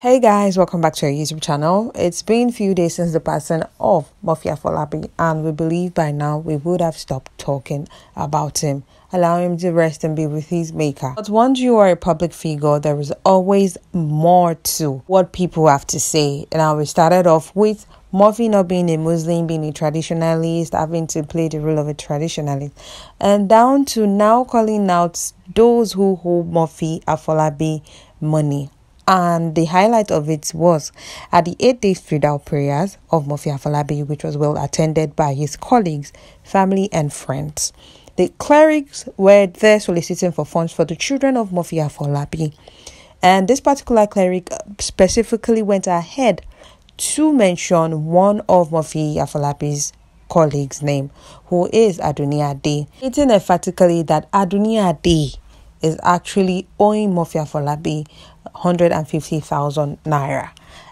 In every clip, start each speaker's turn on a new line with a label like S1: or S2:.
S1: Hey guys, welcome back to our YouTube channel. It's been few days since the passing of Mafia Folabi and we believe by now we would have stopped talking about him, allow him to rest and be with his maker. But once you are a public figure, there is always more to what people have to say. And we started off with Murphy not being a Muslim, being a traditionalist, having to play the role of a traditionalist, and down to now calling out those who hold Murphy Afolabi money and the highlight of it was at the eight day street prayers of Mofia Falabi, which was well attended by his colleagues, family, and friends. The clerics were there soliciting for funds for the children of Mofia Falabi, and this particular cleric specifically went ahead to mention one of Murphy Falabi's colleagues' name, who is Adunia Day, stating emphatically that Adunia Day is actually owing Mafia Folabi 150,000 naira.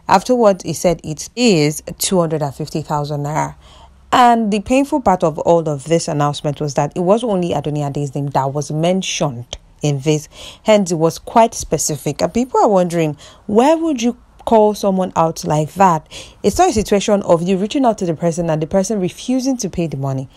S1: Afterwards, he said it is 250,000 naira. And the painful part of all of this announcement was that it was only Adonia Day's name that was mentioned in this, hence, it was quite specific. And people are wondering where would you call someone out like that. It's not a situation of you reaching out to the person and the person refusing to pay the money.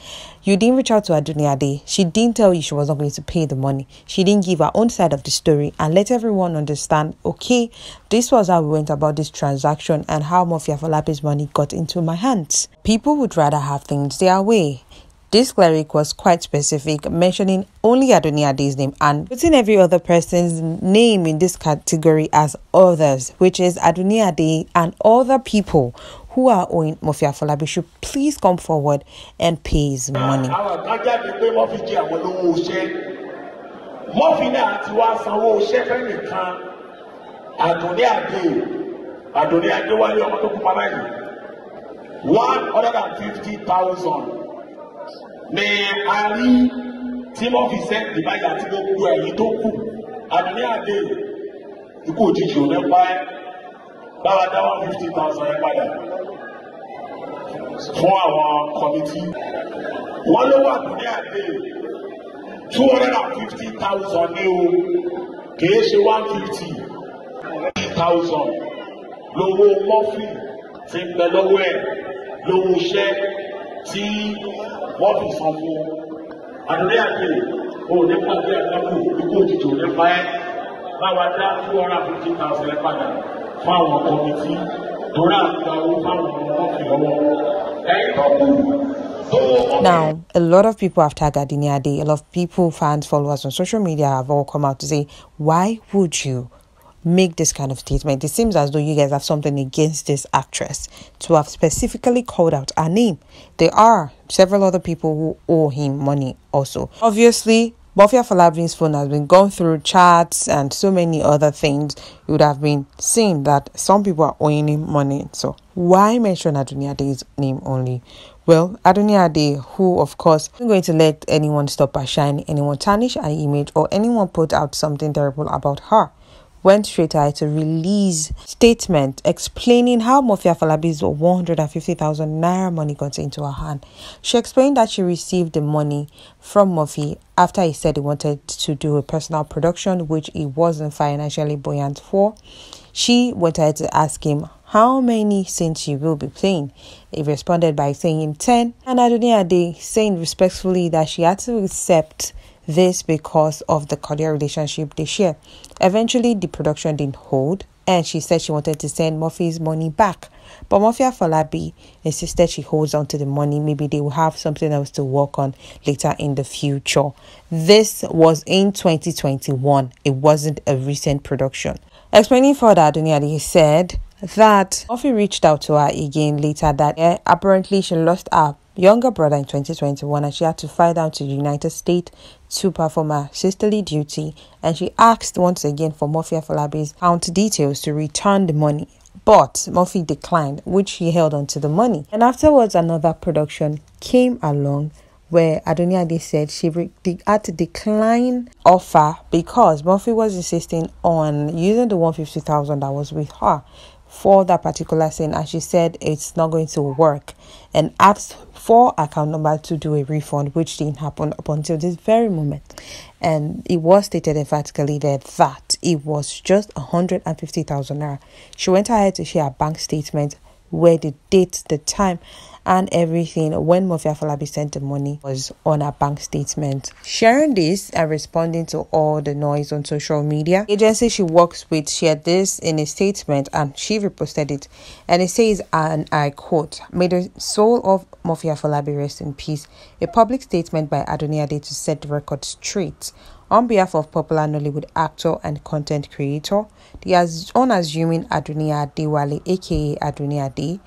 S1: You didn't reach out to Day. She didn't tell you she was not going to pay the money. She didn't give her own side of the story and let everyone understand, okay, this was how we went about this transaction and how Mafia Falape's money got into my hands. People would rather have things their way. This cleric was quite specific, mentioning only Adoniade's name and putting every other person's name in this category as others, which is Adoniade and other people who are owing Mofia Folabi should please come forward and pay his money. Ah, and fifty thousand. ni a rí tí wọ́n fi sẹ́ǹdì báyìí àti gbogbo ẹ̀yìn tó kù àdúní àdéhùn ikú òjijì ò ní pa ẹ́ báwa one fifty thousand ẹ fún àwọn kọ́mítì wọ́n ló wà àdúní àdéhùn two hundred and fifty thousand ní o kìí ṣe one fifty thousand lówó mọ́fì ti ń bẹ lọ́wọ́ ẹ̀ lówó iṣẹ́. tí wọ́n fi san fún àdúrà àgbèrè o nípa bí àgbàkù ikú òjijì nípa ẹ báwa dá two hundred and fifty thousand padà fún àwọn kọmitì torí àgbà owó fáwọn ọmọ ọkì lọ́wọ́ ẹ̀yìn tó kù. Now, a lot of people after Gardenia Day, a lot of people, fans, followers on social media have all come out to say, why would you make this kind of statement. It seems as though you guys have something against this actress to have specifically called out her name. There are several other people who owe him money also. Obviously, Bofia Falabri's phone has been gone through chats and so many other things. You would have been seeing that some people are owing him money. So why mention Aduniade's name only? Well, Aduniade, who of course isn't going to let anyone stop her shine, anyone tarnish her image, or anyone put out something terrible about her went straight ahead to release statement explaining how Mafia Falabi's 150,000 naira money got into her hand. She explained that she received the money from Murphy after he said he wanted to do a personal production which he wasn't financially buoyant for. She went ahead to ask him how many scenes she will be playing. He responded by saying 10 and Adonia Ade saying respectfully that she had to accept this because of the cordial relationship they share. Eventually, the production didn't hold, and she said she wanted to send Murphy's money back. But Murphy Falabi insisted she holds on to the money. Maybe they will have something else to work on later in the future. This was in 2021. It wasn't a recent production. Explaining further, Adoniadi said that Murphy reached out to her again later that year. Apparently, she lost her younger brother in 2021 and she had to fly down to the United States to perform her sisterly duty and she asked once again for Murphy Falabi's account details to return the money. But Murphy declined, which he held onto the money. And afterwards, another production came along where Adoniade said she had to decline offer because Murphy was insisting on using the 150,000 that was with her for that particular thing, and she said it's not going to work and asked for account number to do a refund which didn't happen up until this very moment and it was stated emphatically there that it was just 150,000 naira she went ahead to share a bank statement where the date, the time, and everything when Mofia Falabi sent the money was on her bank statement. Sharing this and responding to all the noise on social media, agency she works with shared this in a statement and she reposted it. And it says, and I quote, May the soul of Mofia Falabi rest in peace. A public statement by Adonia Day to set the record straight. On behalf of popular Nollywood actor and content creator, the as- unassuming Adunia Adewale, aka Adunia D,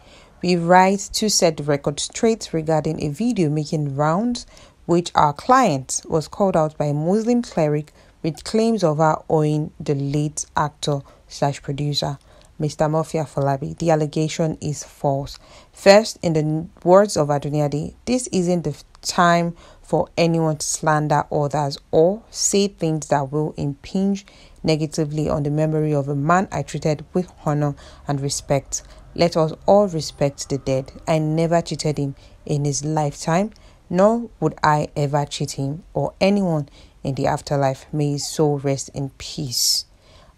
S1: we write to set the record straight regarding a video making rounds which our client was called out by a Muslim cleric with claims of her owing the late actor slash producer. Mr. Mafia Falabi, the allegation is false. First, in the words of D, this isn't the time for anyone to slander others or say things that will impinge negatively on the memory of a man I treated with honor and respect. Let us all respect the dead. I never cheated him in his lifetime, nor would I ever cheat him or anyone in the afterlife. May his soul rest in peace.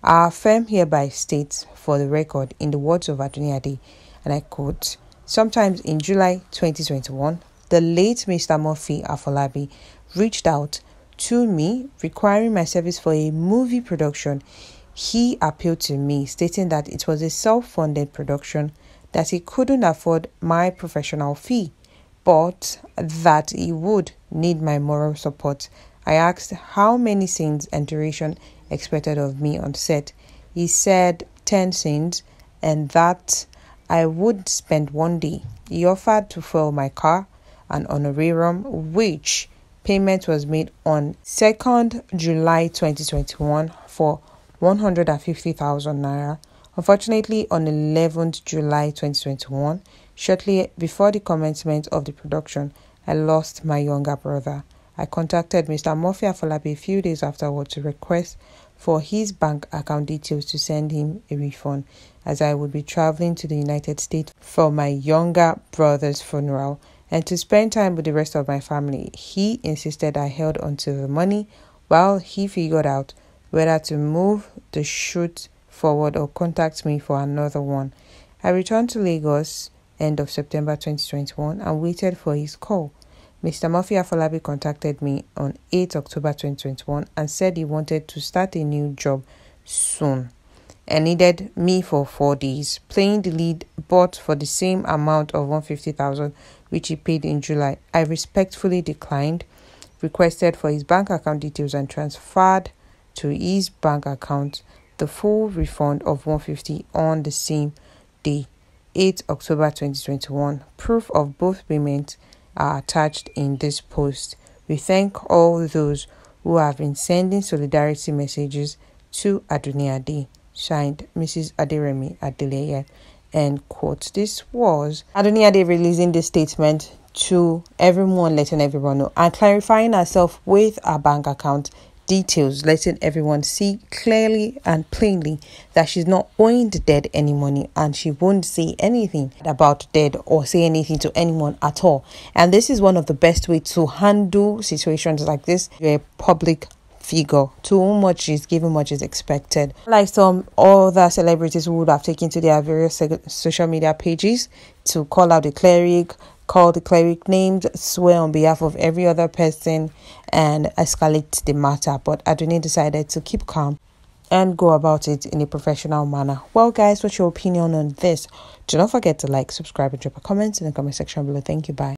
S1: Our firm hereby states for the record in the words of Day, and I quote, Sometimes in July 2021, the late Mr. Murphy Afolabi reached out to me requiring my service for a movie production. He appealed to me, stating that it was a self funded production, that he couldn't afford my professional fee, but that he would need my moral support. I asked how many scenes and duration expected of me on set. He said 10 scenes and that I would spend one day. He offered to fuel my car an honorarium, which payment was made on 2nd July 2021 for 150,000 naira. Unfortunately, on 11th July 2021, shortly before the commencement of the production, I lost my younger brother. I contacted Mr. Murphy Afolabi a few days afterward to request for his bank account details to send him a refund as I would be traveling to the United States for my younger brother's funeral and to spend time with the rest of my family. He insisted I held onto the money while he figured out whether to move the shoot forward or contact me for another one. I returned to Lagos end of September 2021 and waited for his call. Mr. Murphy Afolabi contacted me on 8 October 2021 and said he wanted to start a new job soon and needed me for four days, playing the lead but for the same amount of 150,000 which he paid in July. I respectfully declined, requested for his bank account details, and transferred to his bank account the full refund of 150 on the same day, 8 October 2021. Proof of both payments are attached in this post. We thank all those who have been sending solidarity messages to Adunia Day. Signed, Mrs. Adiremi Adeleye. End quote. This was Adoniade releasing this statement to everyone, letting everyone know, and clarifying herself with her bank account details, letting everyone see clearly and plainly that she's not owing the dead any money and she won't say anything about dead or say anything to anyone at all. And this is one of the best way to handle situations like this. you a public figure. To much is given, much is expected. Like some other celebrities who would have taken to their various social media pages to call out the cleric, call the cleric names, swear on behalf of every other person, and escalate the matter. But Adonai decided to keep calm and go about it in a professional manner. Well, guys, what's your opinion on this? Do not forget to like, subscribe, and drop a comment in the comment section below. Thank you. Bye.